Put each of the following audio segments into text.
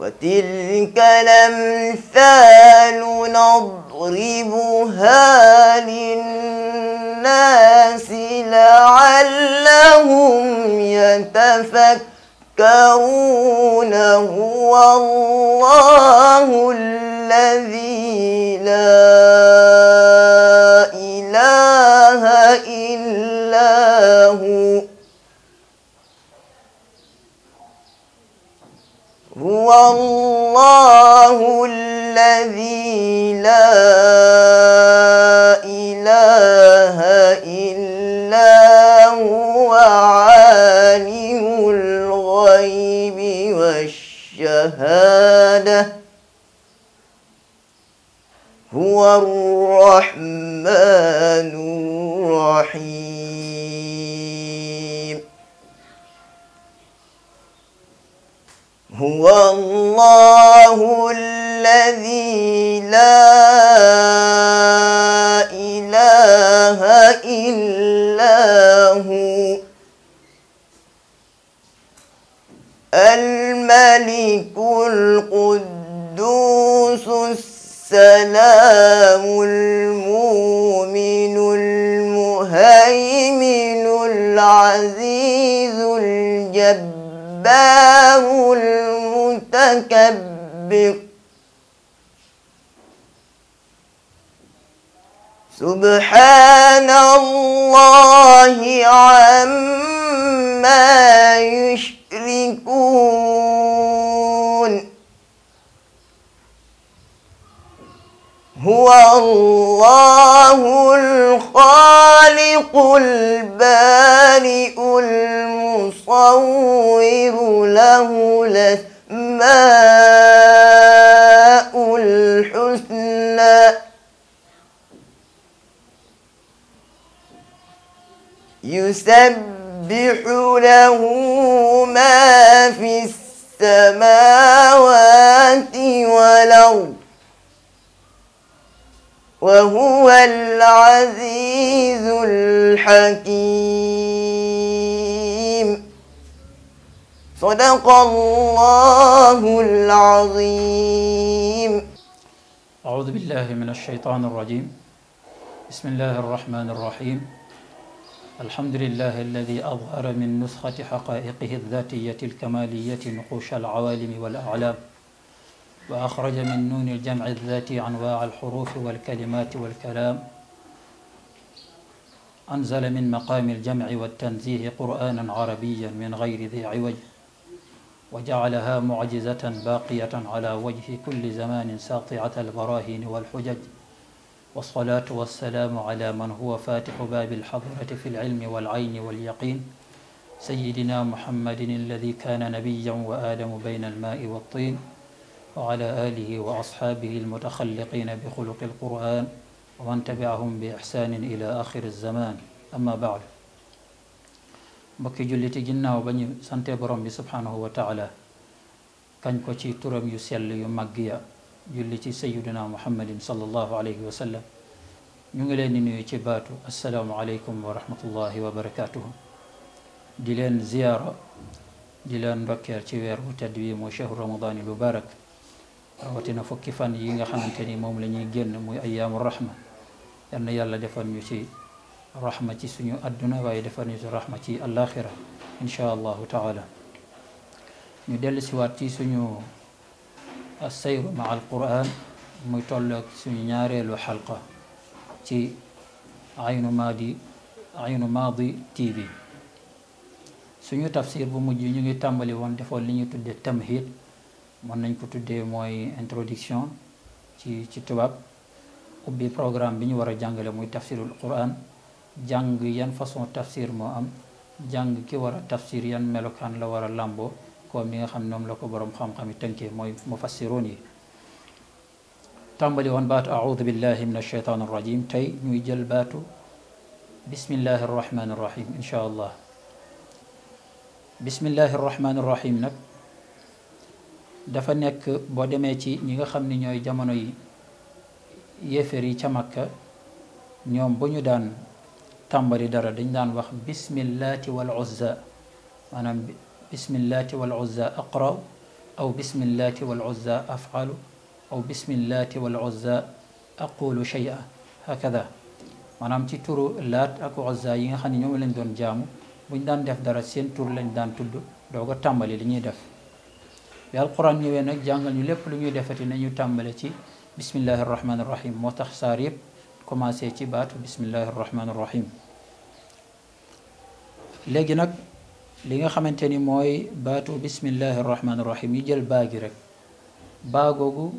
وتلك الأمثال نضربها للناس لعلهم يتفكرون هو الله الذي لا إله إلا هو هو الله الذي لا إله إلا هو عالم الغيب والشهادة هو الرحمن الرحيم هو الله الذي لا إله إلا هو الملك القدوس السلام المؤمن المهيمن العزيز الجبار الجبار المتكبر سبحان الله عما يشركون هو الله الخالق البارئ الم يصور له الأسماء الحسنى يسبح له ما في السماوات والأرض وهو العزيز الحكيم صدق الله العظيم أعوذ بالله من الشيطان الرجيم بسم الله الرحمن الرحيم الحمد لله الذي أظهر من نسخة حقائقه الذاتية الكمالية نقوش العوالم والأعلام وأخرج من نون الجمع الذاتي أنواع الحروف والكلمات والكلام أنزل من مقام الجمع والتنزيه قرآنا عربيا من غير ذي عوج وجعلها معجزة باقية على وجه كل زمان ساطعة البراهين والحجج والصلاة والسلام على من هو فاتح باب الحضرة في العلم والعين واليقين سيدنا محمد الذي كان نبيا وآدم بين الماء والطين وعلى آله وأصحابه المتخلقين بخلق القرآن ومن تبعهم بإحسان إلى آخر الزمان أما بعد mbokki julliti ginnaaw ba ñu sante borom bi subhaanahu wa taala kañ ko ci turam yu sell yu màgg ya julli ci sayiduna muhammadin sallallahu alayhi wa sallam ñu ngi leen di nuyu ci baatu assalaamu aleykum wa rahmatullahi wa barakaatuhu di leen ziyaara di leen ndokkeel ci weer wu tedd wi mu chahru ramadaani lu barak rawatina fukki fan yi nga xamante ni moom la ñuy génn muy ayaamu rahma yal na yàlla defal ñu ci rahma ci suñu àdduna waaye defal ñu rahma ci àllaaxira insha allahu taala ñu dellu siwaat ci suñu assayru ma alquran muy tolloog suñu ñaareelu xalqa ci aynu maadi aynu maadi tv suñu tafsir bu mujj ñu ngi tàmbali woon defoon li ñu tuddee tamhid mën nañ ko tuddee mooy introduction ci ci tubaab ubbi programme bi ñu war a jàngale muy tafsirul quran jàng yan façon tafsir moo am jàng ki war a yan melokaan la war a làmboo comme ni nga xam ne la ko boroom xam-xam yi tënkee mooy mufassiroon yi tàmbali woon baatu audu billahi min alcheytaan arrajim tey ñuy jël baatu bismillahi arrahmani arrahim incha allah bismillahi arrahmani arrahim nag dafa nekk boo demee ci ñi nga xam ni ñooy jamono yi yéeféer yi ca Makka ñoom bu ñu daan tàmbali dara dañ daan wax bismillaati wal uzza maanaam bismillaati wal uzza aqraw aw bismillaati wal uzza af'alu aw bismillaati wal uzza aqulu shay'a hakada maanaam ci turu laat ak uzza yi nga xam ne ñoom lañ doon jaamu buñ daan def dara seen tur lañ daan tudd doo ko tàmbali li ñuy def bi alquran ñëwee nag jàngal ñu lépp lu ñuy defati nañu tàmbale ci bismillahi arrahmani irrahim moo tax saar yëpp ci baatu bismillahi arrahmani irrahim léegi nag li nga xamante ni mooy baatu bismillahi rahmaani rahim ñu jël baagi rek baa googu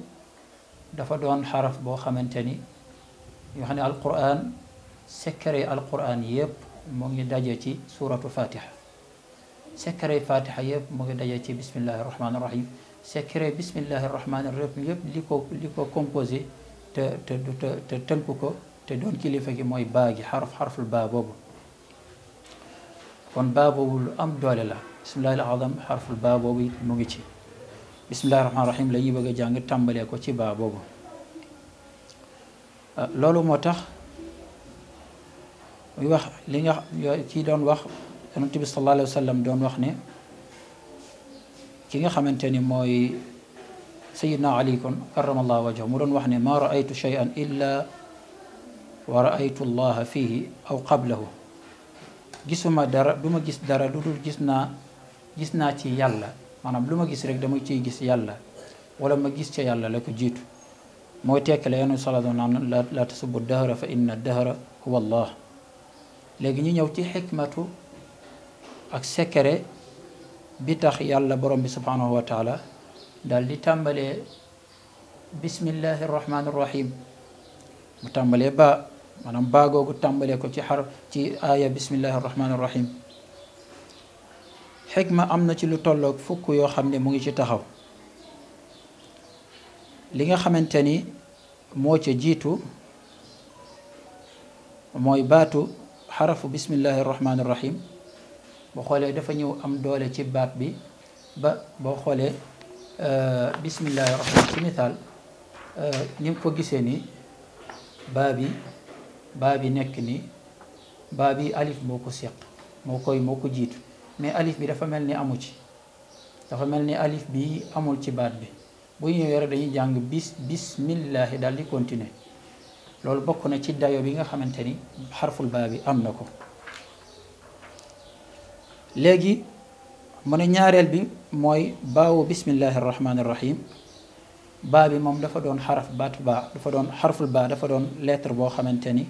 dafa doon xaraf boo xamante ni yoo xam ne alquran secret alquran yëpp mu ngi daje ci suratu fatiha secret fatiha yëpp mu ngi daje ci bismillahi rahmaani rahim secret bismillahi rahmaani rahim yëpp li ko li ko composé te te te tënk ko te doon kilifa gi mooy baa gi xaraf baa boobu kon baaboobu lu am doole la bismillahi al-azam xarful baa boobu it mu ngi ci bismillahi rahmaani rahim la ñuy bëgg a jàng tàmbalee ko ci baa boobu loolu moo tax muy wax li nga ci doon wax yonent bi sallallahu alayhi wa sallam doon wax ne ki nga xamante ni mooy sayidna ali kon karamallahu wajhahu mu doon wax ne ma raaytu shay'an illa wa raaytu allaha fihi aw qablahu gisuma dara duma gis dara lu gisna gisna ci yàlla manam luma gis rek dama ciy gis yàlla wala ma gis ci yàlla la ko jiitu mooy tekkale yenu salado naan la tasubu dahr fa inna dahr huwa allah legi ñu ñëw ci hikmatu ak secret bi tax yàlla borom bi subhanahu wa taala dal di tambale bismillahir rahmanir rahim mu tambale ba maanaam baagoogu tàmbalee ko ci xar ci aaya bismillahi arrahmani arrahim xikma am na ci lu tolloog fukk yoo xam ne mu ngi ci taxaw li nga xamante ni moo ca jiitu mooy baatu xarafu bismillahi arrahmani arrahim boo xoolee dafa ñëw am doole ci baat bi ba boo xoolee euh, bismillahi arrahman ci misaal euh, ni ko gisee ni baa bi baa bi nekk ni baa bi alif boo ko seq moo koy moo ko jiitu mais alif bi dafa mel ni amu ci dafa mel ni alif bi amul ci baat bi bu ñëwee rek dañuy jàng bis bismillahi daal di continuer loolu bokk na ci dayo bi nga xamante ni xarful baa bi am na ko léegi mu ne ñaareel bi mooy baawu bismillahi rahmaani rahim baa bi moom dafa doon xaraf baat baa dafa doon xarful baa dafa doon lettre boo xamante ni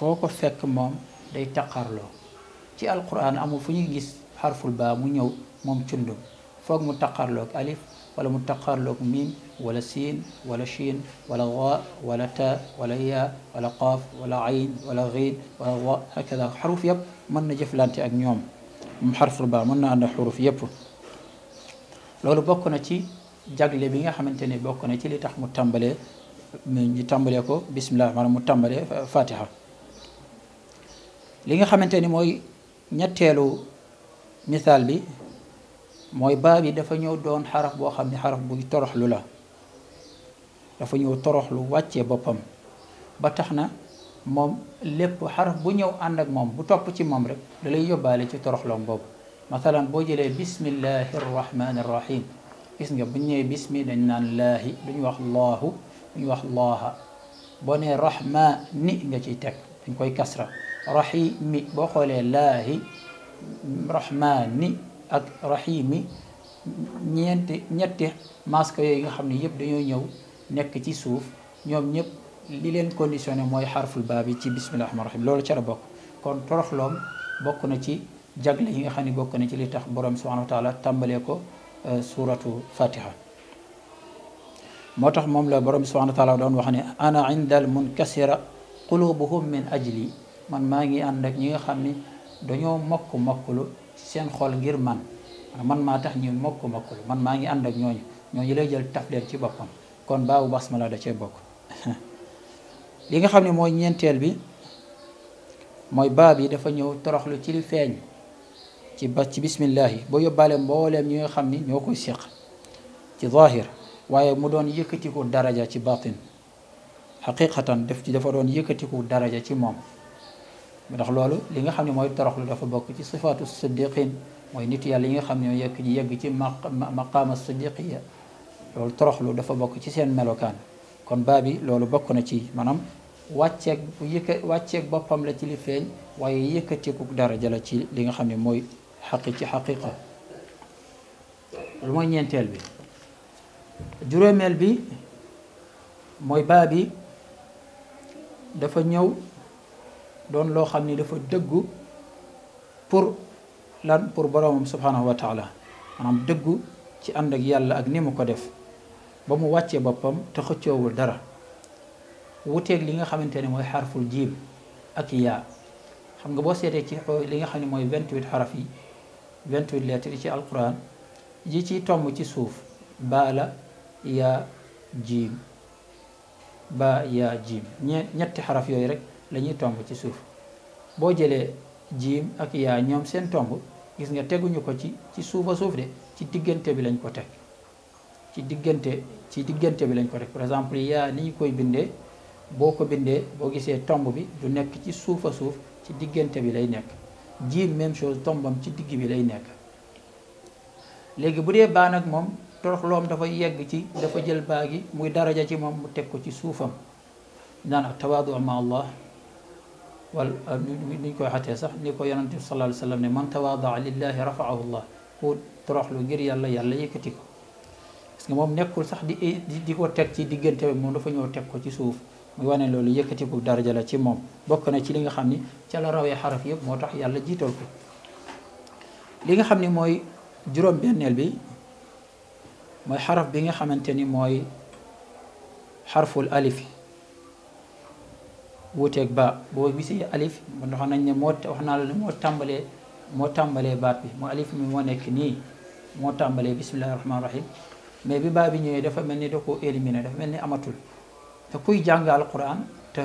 foo ko fekk moom day taqarloo ci alquran amul fu ñuy gis xarful baa mu ñëw moom cundum foog mu taqarloog alif wala mu taqarloog miim wala siin wala shiin wala waa wala taa wala yaa wala qaaf wala ayn wala ghiin wala wa hakada xaruf yëpp mën na jëflante ak ñoom moom xarful baa mën na ànd xuruf yëpp loolu bokk na ci jagle bi nga xamante ne bokk na ci li tax mu tàmbalee ñu tàmbalee ko bismillah maanaam mu tàmbalee fatiha li nga xamanteni moy ñettelu misal bi moy baa bi dafa ñëw doon xaraf bo xamni xaraf bu toroxlu la dafa ñëw toroxlu wacce bopam ba taxna mom lépp xaraf bu ñëw ànd ak mom bu top ci mom rek dalay yobale ci toroxlo boobu masalan boo jëlee bismillahi rrahmani rrahim gis nga bu ñu nee bismi dañ naan laahi du ñu wax laahu du ñu wax laaha boo nee rahma ni nga ciy teg dañ koy kasra raxiimi boo xoolee laahi raxmaani ak raxiimi ñeenti ñetti masque yooyu nga xam ne yëpp dañoo ñëw nekk ci suuf ñoom ñëpp li leen conditionné mooy xarful baa bi ci bismillahi rahmaani rahiim loolu ca la bokk kon toroxloom bokk na ci jagle yi nga xam ne bokk na ci li tax borom subhaanahu wa taala tàmbalee ko suuratu fatiha moo tax moom la borom subhaanahu wa taala doon wax ne ana inda al munkasira qulubuhum min ajli man maa ngi ànd ak ñi nga xam ni dañoo mokk mokkulu seen xol ngir man man maa tax ñu mokk mokkulu man maa ngi ànd ak ñooñu ñooñu lay jël taf ci boppam kon baabu la de cee bokk li nga xam ne mooy ñeenteel bi mooy baab yi dafa ñëw toroxlu ci li feeñ ci ba ci bismillahi boo yóbbaale mbooleem ñi nga xam ni ñoo koy séq ci zahir waaye mu doon yëkkatiku daraja ci batin xaqiqatan def ci dafa doon yëkkatiku daraja ci moom ndax loolu li nga xam ne mooy toroxlu dafa bokk ci sifaatu siddiqin mooy nit yàlla yi nga xam ne yekk ñi yegg ci maqaama siddiqiya loolu toroxlu dafa bokk ci seen melokaan kon baa bi loolu bokk na ci maanaam wàcceeg bu yëkka wàcceeg boppam la ci li feeñ waaye yëkkateeku daraja la ci li nga xam ne mooy xaqi ci xaqiqa loolu mooy ñeenteel bi juróomeel bi mooy baa bi dafa ñëw doon loo xam ni dafa dëggu pour lan pour boromam subhanahu wa taala maanaam dëggu ci ànd ak yàlla ak ni mu ko def ba mu wàccee boppam te xëccoowul dara wuteeg li nga xamante ne mooy xarful jiim ak yaa xam nga boo seetee ci li nga xam ne mooy vingt 28 xaraf yi 28 lettres yi ci alquran ji ci tomb ci suuf baa la yaa jiim baa yaa jiim ñetti xaraf yooyu rek la ñuy tomb ci suuf boo jëlee jiim ak yaa ñoom seen tomb gis nga teguñu ko ci ci suufa suuf de ci diggante bi lañ ko teg ci diggante ci diggante bi lañ ko teg par exemple yaa ni ñu koy bindee boo ko bindee boo gisee tomb bi du nekk ci suufa suuf ci diggante bi lay nekk jiim même chose tombam ci digg bi lay nekk léegi bu dee baa nag moom toroxloom dafa yegg ci dafa jël baa gi muy daraja ci moom mu teg ko ci suufam naan ak tawaadu ma allah wal niñ koy xatee sax ni ko yonante bi sallallahu alayhi wa sallam ne man tawaadaa lillahi rafaahu llah ku toroxlu ngir yàlla yàlla yëkkati ko parce que moom nekkul sax di di ko teg ci diggante bi moom dafa ñëw teg ko ci suuf muy wane loolu yëkkatiku daraja la ci moom bokk na ci li nga xam ni ca la rawee xaraf yëpp moo tax yàlla jiital ko li nga xam ni mooy juróom-benneel bi mooy xaraf bi nga xamante ni mooy xarful alif wuuteeg ba boo gisee alif man wax nañ ne moo wax naa moo tàmbalee moo tàmbalee baat bi moo alif mi moo nekk nii moo tàmbalee bismillahi rahmaani rahim mais bi baa bi ñëwee dafa mel ni da koo éliminé dafa mel ni amatul te kuy jàngal Qur'an te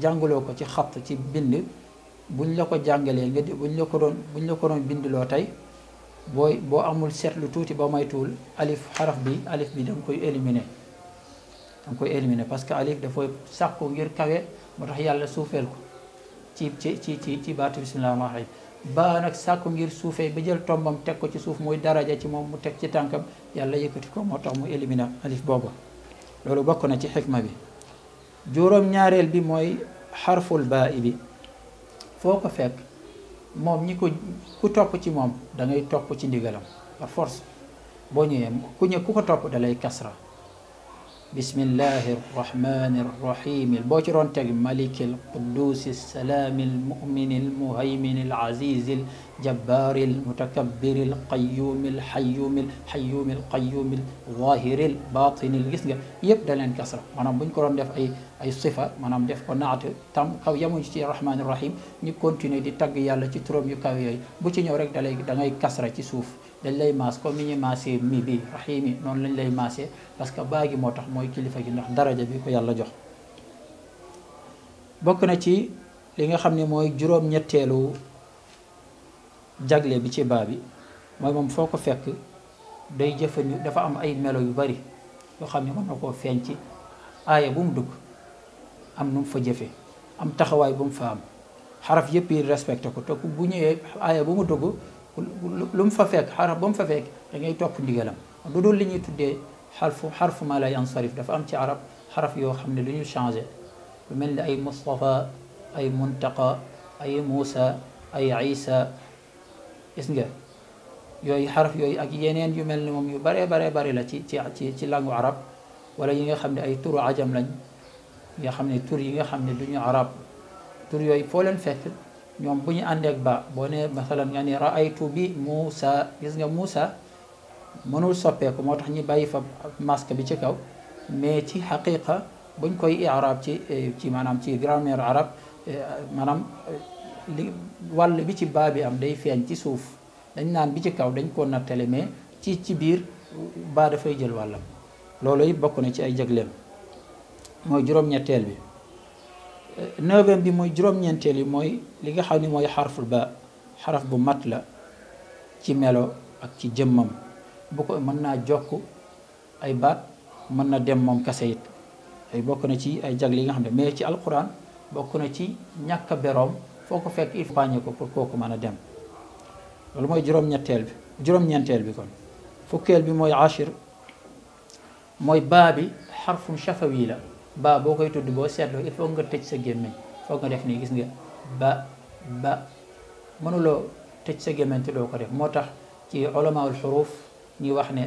jàngaloo ko ci xat ci bind buñ la ko jàngalee nga buñ la ko doon buñ la ko doon bindloo tey booy boo amul seetlu tuuti ba maytuwul alif xaraf bi alif bi da koy éliminé da koy éliminer parce que alif dafay sàkku ngir kawe moo tax yàlla suufeel ko ci ci ci ci ci baatu bisimilah rahmaani rahiim ba nag sàkku ngir suufee ba jël tombam teg ko ci suuf muy daraja ci moom mu teg ci tànkam yàlla yëkkati ko moo tax mu éliminer alif boobu loolu bokk na ci xikma bi juróom-ñaareel bi mooy xarful baa i bi foo ko fekk moom ñi ko ku topp ci moom dangay topp ci ndigalam force boo ñëwee ku ñëw ku ko topp da lay kasra بسم الله الرحمن الرحيم البوشر ملك القدوس السلام المؤمن المهيمن العزيز الجبار المتكبر القيوم الحيوم الحيوم القيوم الظاهر الباطن الجسد يبدا لين كسر مانام بن كورون ديف اي اي صفه مانام ديف كو نعت تام كاو يامو سي الرحمن الرحيم ني كونتيني دي تاغ يالا سي تروم يو كاو يوي بو سي نيو رك دالاي داغاي كسره سي سوف dañ lay maas comme ni ñuy mii bi rahim yi noonu lañ lay maasee parce que baa gi moo tax mooy kilifa gi ndax daraja bi ko yàlla jox bokk na ci li nga xam ni mooy juróom-ñetteelu jagle bi ci baa bi mooy moom foo ko fekk day jëfandi dafa am ay melo yu bari yoo xam ne mën na koo feeñ ci aaya bu mu dugg am nu mu fa jëfe am taxawaay bu mu fa am xaraf yëpp yi respecté ko te bu ñëwee aaya bu mu dugg lu mu fa fekk xaraf ba mu fa fekk da ngay topp ndigalam lu dul li ñuy tuddee xarfu xarfu ma la dafa am ci arab xaraf yoo xam ne lu ñu changé lu mel ni ay Mustafa ay Muntaqa ay Muusa ay Isa gis nga yooyu xaraf yooyu ak yeneen yu mel ni moom yu baree baree bari la ci ci ci ci langu arab wala yi nga xam ne ay turu ajam lañ nga yi nga xam ne du ñu arab tur yooyu foo leen ñoom bu ñu àndee ak ba boo ne masalan nga ni raaytu bi Muusa gis nga Muusa mënul soppeeku moo tax ñi bàyyi fa masque bi ci kaw mais ci xaqiqa buñ koy arab ci eh, ci maanaam ci grammaire arab eh, maanaam eh, li wàll bi ci baa bi am day feeñ ci suuf dañ naan bi ci kaw dañ koo nattale mais ci ci biir baa dafay jël wàllam loolu it bokk na ci ay jëgleem mooy juróom-ñetteel bi neuvième bi mooy juróom-ñeenteel yi mooy li nga xam ni mooy xarful ba xaraf bu mat la ci melo ak ci jëmmam bu ko mën naa jokk ay baat mën na dem moom kase it ay bokk na ci ay jag li nga xam ne mais ci alquran bokku na ci ñàkk beroom foo ko fekk il pàññe ko pour kooku mën a dem loolu mooy juróom-ñetteel bi juróom-ñeenteel bi kon fukkeel bi mooy ashir mooy baa bi xarfun shafawi la baa boo koy tudd boo seetloo il foog nga tëj sa gémmiñ foog nga def nii gis nga ba ba mënuloo tëj sa gémmiñ te doo ko def moo tax ci olamaul xuruuf ñuy wax ne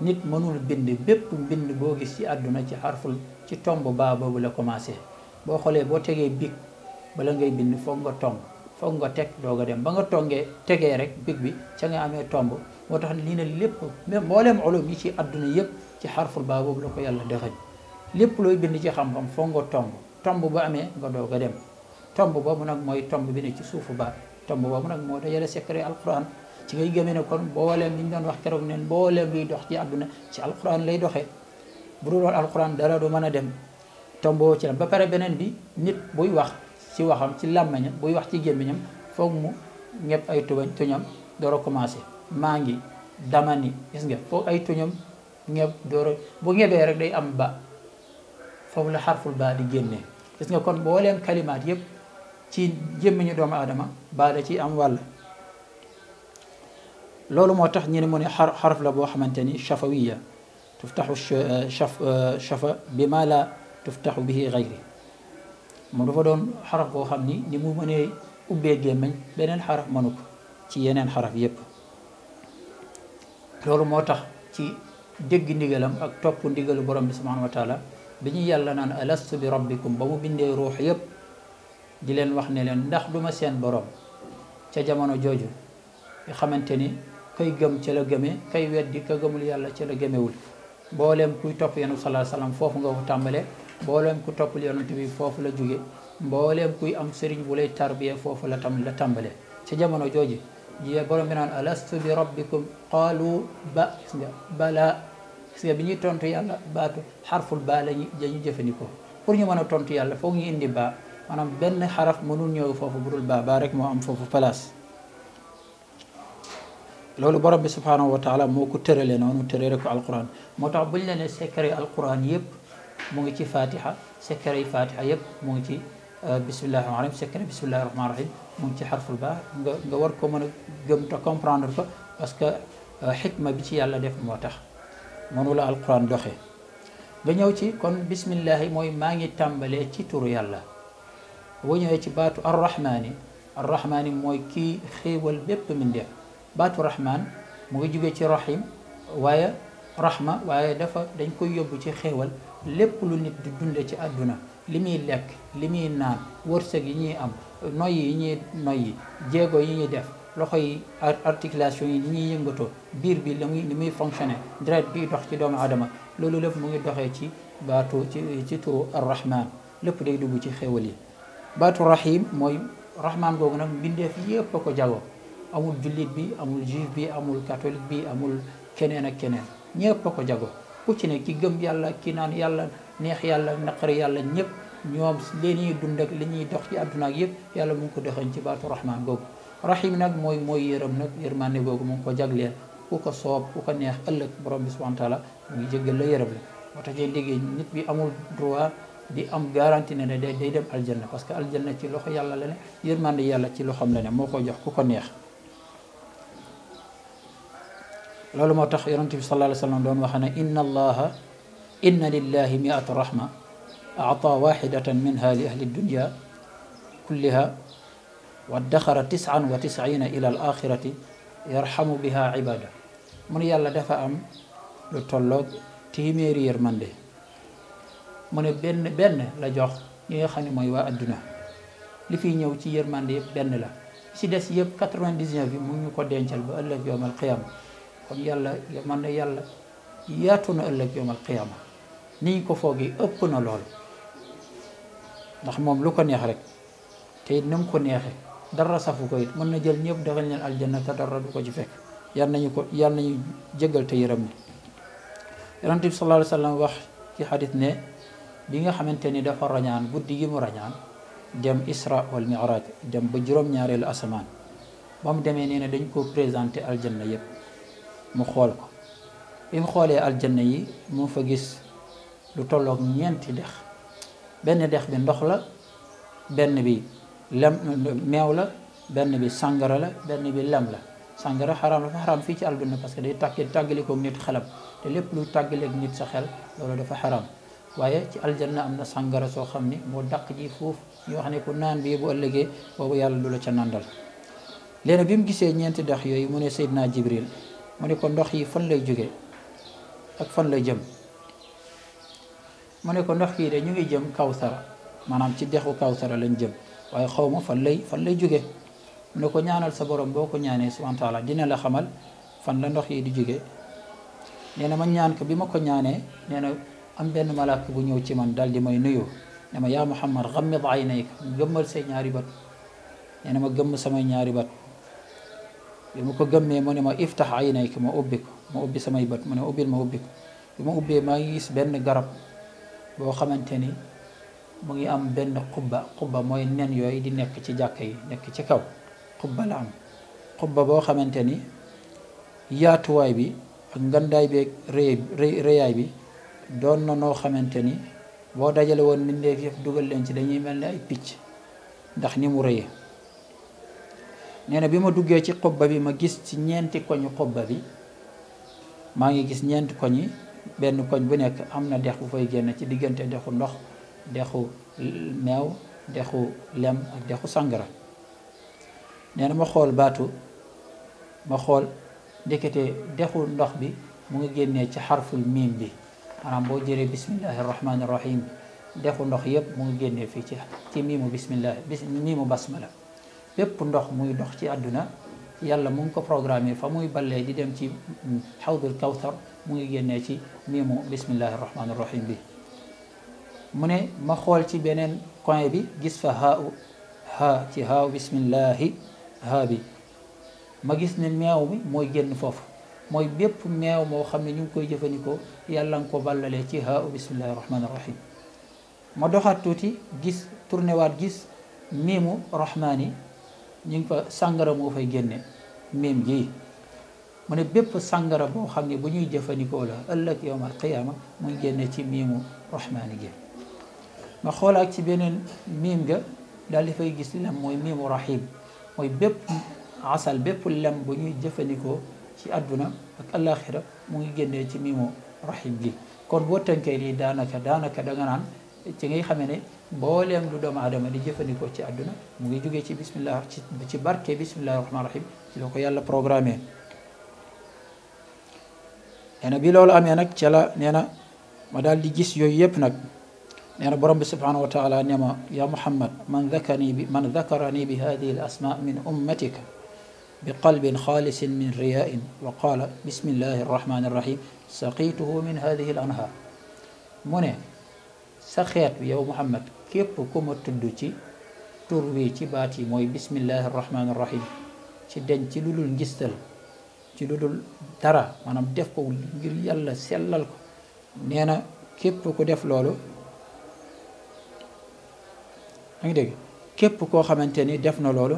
nit mënul bind bépp mbind boo gis ci àdduna ci xarful ci tomb baa boobu la commencé boo xoolee boo tegee big bala ngay bind foog nga tomb foog nga teg doog a dem ba nga tongee tegee rek big bi ca nga amee tomb moo tax lii ne lépp même mbooleem ulum yi ci àdduna yëpp ci xarful baa boobu la ko yàlla dëxëñ lepp loy bind ci xam-xam fo nga tomb tomb bu amé nga do ga dem tomb bobu nak mooy tomb bi ne ci suufu ba tomb bobu nak mo dajale secret alquran ci ngay gëmee ne kon booleem ni ñu doon wax keroog neen booleem bi dox ci aduna ci alquran lay doxé bu dul alquran dara do mëna dem tomb ci la ba paré benen bi nit buy wax ci waxam ci lamagne buy wax ci gémmiñam foog mu ñep ay tubañ tuñam do ro commencé maa damani gis nga foog ay tuñam ñëpp do a bu rek day am ba فولا حرف الباء دي جنه جس كون بوليم كلمات ييب تي جيم ني دوما ادم با دا تي ام وال لولو موتاخ ني موني حرف لا بو خمانتاني شفويه تفتح الشف شفا بما لا تفتح به غيره مو فدون حرف بو خامني ني مو موني اوبي جيمن بنن حرف مانوك تي يينن حرف يب لولو موتاخ تي ديغ نيغلام اك توپ نيغلو بروم سبحانه وتعالى bi ñu yàlla naan alastu bi rabbikum ba mu bindee ruux yépp di leen wax ne leen ndax duma seen borom ca jamono jooju nga ni kay gëm ca la gëme kay weddi ka gëmul yàlla ca la gëmewul mbooleem kuy topp yenu salaa foofu nga ko tàmbale mbooleem ku toppul yonent bi foofu la jóge mbooleem kuy am sëriñ bu lay tarbiya foofu la tam la tàmbale ca jamono jooju ji borom bi naan alastu bi rabbikum qaalu ba bala سي بي ني تونت يالا بات حرف الباء لا ني جيفانيكو بور ني مانا تونت يالا فوك ني اندي با مانام بن حرف مونون نيو فوفو بودول با با رك مو ام فوفو بلاص لولو بروم سبحانه وتعالى موكو تيرالي نونو تيري ركو القران موتا بول لا ني سيكري القران ييب موغي تي فاتحه سيكري فاتحه ييب موغي تي بسم الله الرحمن الرحيم سكر بسم الله الرحمن الرحيم من حرف الباء غوركو من غمتا كومبراندر كو باسكو حكمه بيتي يالا ديف موتاخ noonu la alquran doxe nga ñëw ci kon bismillahi mooy maa ngi tàmbalee ci turu yàlla boo ñëwee ci baatu arrahmaani arrahmaani mooy kii xéewal bépp mbindeef baatu rahmaan mu ngi jóge ci rahim waaye rahma waaye dafa dañ koy yóbbu ci xéewal lépp lu nit di dunde ci àdduna li muy lekk li muy naan wërsëg yi ñuy am noyyi yi ñuy noyyi jéego yi ñuy def loxo yi articulation yi ni ñuy yëngatoo biir bi la muy li muy fonctionné deret bi dox ci doomu aadama loolu lépp mu ngi doxee ci baatu ci ci turu arrahman lépp day dugg ci xéwal yi baatu rahim mooy rahman googu nag mbindeef yépp a ko jagoo amul jullit bi amul juif bi amul catholique bi amul keneen ak keneen ñépp a ko jago ku ci ne ki gëm yàlla ki naan yàlla neex yàlla naqari yàlla ñëpp ñoom li ñuy dund ak li ñuy dox ci àdduna ak yëpp yàlla mu ko doxañ ci baatu rahman rahim nag moy mooy yërëm nag yërmande googu mu ngi ko jagleel ku ko soob ku ko neex ëllëg borom bi subhana taala mu ngi jéggal la yërëm la moo tax ngay nit bi amul droit di am garantie ne day day dem aljanna parce que aljanna ci loxo yàlla la ne yërmande yàlla ci loxoom la ne moo jox ku ko neex loolu moo tax bi sallallahu alayhi wa sallam doon wax inna allaha inna lillahi miata rahma ata waxidatan minha li ahli dunia waddakara tis'an wa tis'ina ila al axirati yarhamu biha ibada mu ne yàlla dafa am lu tolloog téeméeri yërmande mu ne benn benn la jox ñi nga xam ne mooy waa adduna li fiy ñëw ci yërmande yëpp benn la si des yëpp 99 bi mu ñu ko dencal ba ëllëg yowmal qiyaama kon yàlla mën na yàlla yaatu na ëllëg yowmal qiyaama ni ñu ko foogee ëpp na lool ndax moom lu ko neex rek te ni mu ko neexee dara safu ko it mën na jël ñëpp defal leen aljanna te dara du ko ci fekk yal nañu ko yal nañu jéggal te yërëm ni yonent bi sallallahu alayhi wa sallam wax ci xadis ne bi nga xamante ni dafa rañaan guddi gi mu rañaan dem isra wal mi'raj dem ba juróom-ñaareelu asamaan ba mu demee nee na dañ ko présenté aljanna yëpp mu xool ko bi mu xoolee aljanna yi mu fa gis lu tolloog ñeenti dex benn dex bi ndox la benn bi lem meew la benn bi sàngara la benn bi lem la sàngara xaraam dafa xaraam fii ci àdduna parce que day tàgg tàggalikook nit xelam te lépp luy tàggaleeg nit sa xel loolu dafa xaraam waaye ci aljanna am na sàngara soo xam ni moo dàq ji foofu ñu xam ne ku naan bii bu ëllëgee boobu yàlla du la ca nandal léegi bi mu gisee ñeenti dox yooyu mu ne naa Jibril mu ne ko ndox yi fan lay jóge ak fan lay jëm mu ne ko ndox yi de ñu ngi jëm kawsara maanaam ci dexu kawsara lañ jëm waaye xaw ma fan lay fan lay jóge ne ko ñaanal sa borom boo ko ñaanee subhana taala dina la xamal fan la ndox yi di jóge nee na ma ñaan ko bi ma ko ñaanee nee na am benn malaaka bu ñëw ci man dal di may nuyu ne ma yaa Muhammad xammid aynayka gëmmal say ñaari bat nee ma gëmm samay ñaari bat bi ma ko gëmmee mu ne ma iftax aynayka ma ubbi ko ma ubbi samay bët mu ne ubbil ma ubbi ko bi ma ubbee maa ngi gis benn garab boo xamante ni mu ngi am benn xubba xubba mooy nen yooyu di nekk ci jàkk yi nekk ci kaw xubba la am xubba boo xamante ni yaatuwaay bi ak ngandaay bi ak rëy rëyaay bi doon na noo xamante ni boo dajale woon mbindeef yëpp dugal leen ci dañuy mel ni ay picc ndax ni mu rëyee nee na bi ma duggee ci xubba bi ma gis ci ñeenti koñu xubba bi maa ngi gis ñeenti koñ yi benn koñ bu nekk am na dex bu fay génn ci diggante dexu ndox dexu meew dexu lem ak dexu sàngara neena ma xool baatu ma xool ndekete dexu ndox bi mu ngi génnee ci xarful miim bi maanaam boo jëree bismillahi rahmaani rahim dexu ndox yëpp mu ngi génnee fii ci ci miimu bismillah bis miimu basmala bépp ndox muy dox ci àdduna yàlla mu ngi ko programme fa muy ballee di dem ci xawdul mm, kawthar mu ngi génnee ci miimu bismillahi rahmaani rahim bi mu ne ma xool ci beneen coin bi gis fa haaw haa ci haaw bismillahi haa bi ma gis ne meew mi mooy génn foofu mooy bépp meew moo xam ne ñu ngi koy jëfandikoo yàlla nga ko ballalee ci haaw bismillahi rahmaani rahim ma doxaat tuuti gis tourné waat gis miimu rahmaani ñu ngi ko sàngara moo fay génne miim ji mu ne bépp sàngara boo xam ne bu ñuy jëfandikoo la ëllëg yowmal qiyaama muy génne ci miimu rahmaani gi nga xoolaat ci beneen miim ga daal di fay gis lam mooy miimu rahim mooy bépp asal bépp lem bu ñuy jëfandikoo ci àdduna ak alaxira mu ngi génnee ci miimu rahim gi kon boo tënkee lii daanaka daanaka da nga naan ci ngay xamee ne mbooleem lu doomu aadama di jëfandikoo ci àdduna mu ngi jógee ci bismillah ci ci barke bismillahi rahmaani rahim ci la ko yàlla programmé nee na bi loolu amee nag ca la nee na ma daal di gis yooyu yëpp nag نينا يعني برب سبحانه وتعالى نما يا محمد من ذكرني من ذكرني بهذه الأسماء من أمتك بقلب خالص من رياء وقال بسم الله الرحمن الرحيم سقيته من هذه الأنهار من سخيت يا محمد كيف كما تدوتي تروي باتي موي بسم الله الرحمن الرحيم تدن تلول نجستل ci lu dul dara maanaam def ko ngir yàlla sellal ko nee na képp da ngi dégg képp koo xamante ni def na loolu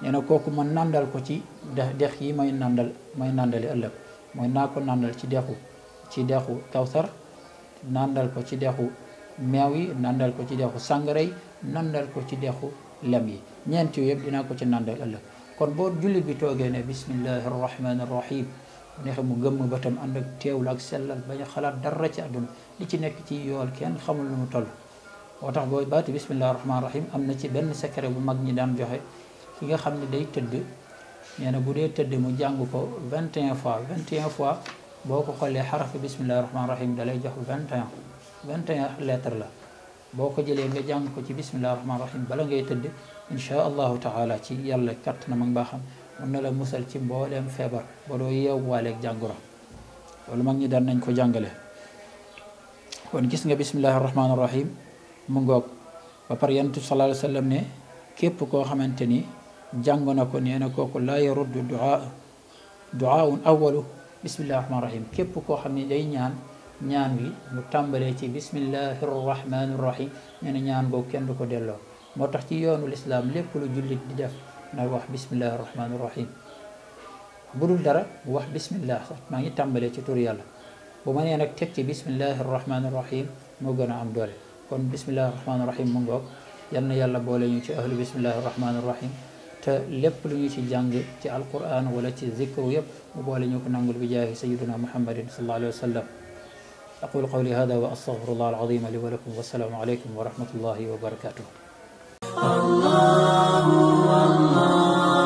nee na kooku ma nàndal ko ci dex dex yi may nàndal may nàndali ëllëg mooy naa ko nàndal ci dexu ci dexu kawsar nàndal ko ci dexu meew yi nàndal ko ci dexu sàngara yi nàndal ko ci dexu lem yi ñeent yooyu yëpp dinaa ko ci nàndal ëllëg kon boo jullit bi toogee ne bismillahi rahmaani rahim neexe mu gëmm ba tam ànd ak teewlu ak sellal bañ a xalaat dara ci àdduna li ci nekk ci yool kenn xamul lu mu toll moo tax booy baati bisimilah rahmaani rahim am na ci benn secret bu mag ñi daan joxe ki nga xam ne day tëdd nee na bu dee tëdd mu jàng ko vingt et un fois vingt et un fois boo ko xoolee xarafi bisimilah rahmaani rahim dalay jox vingt et un vingt et un lettre la boo ko jëlee nga jàng ko ci bisimilah rahmaani rahim bala ngay tëdd incha allahu taala ci yàlla kattanam ak baaxam mën na la musal ci mbooleem feebar ba doo yeew waaleeg jàngoro loolu mag ñi daan nañ ko jàngale kon gis nga bisimilah rahmaani rahim mu ngoog ba pare yonent bi wa sallam ne képp koo xamante ni jàng na ko nee na kooku laa yaruddu duaa duaaun awalu bismillahi rahmaani rahim képp koo xam ne day ñaan ñaan wi mu tàmbalee ci bismillahi rahmaani rahim nee na ñaan boobu kenn du ko delloo moo tax ci yoonu lislaam lépp lu jullit di def na wax bismillahi rahmaani rahim bu dul dara wax bismillah sax maa ngi tàmbalee ci tur yàlla bu ma nee nag teg ci bismillahi rahmaani rahim moo gën a am doole kon bismillahi rahmaani rahim mu ngoog yal na yàlla boole ñu ci ahlu bismillahi rahmaani rahim te lépp lu ñu ci jàng ci alquran wala ci zikru yëpp mu boole ñu ko nangul bi jaahi sayiduna muhammadin sallallahu alayhi wa sallam aqulu qawli hada wa astaghfirullah alazim li wa lakum wassalaamu aleykum wa rahmatullahi wa barakatuh Allah Allah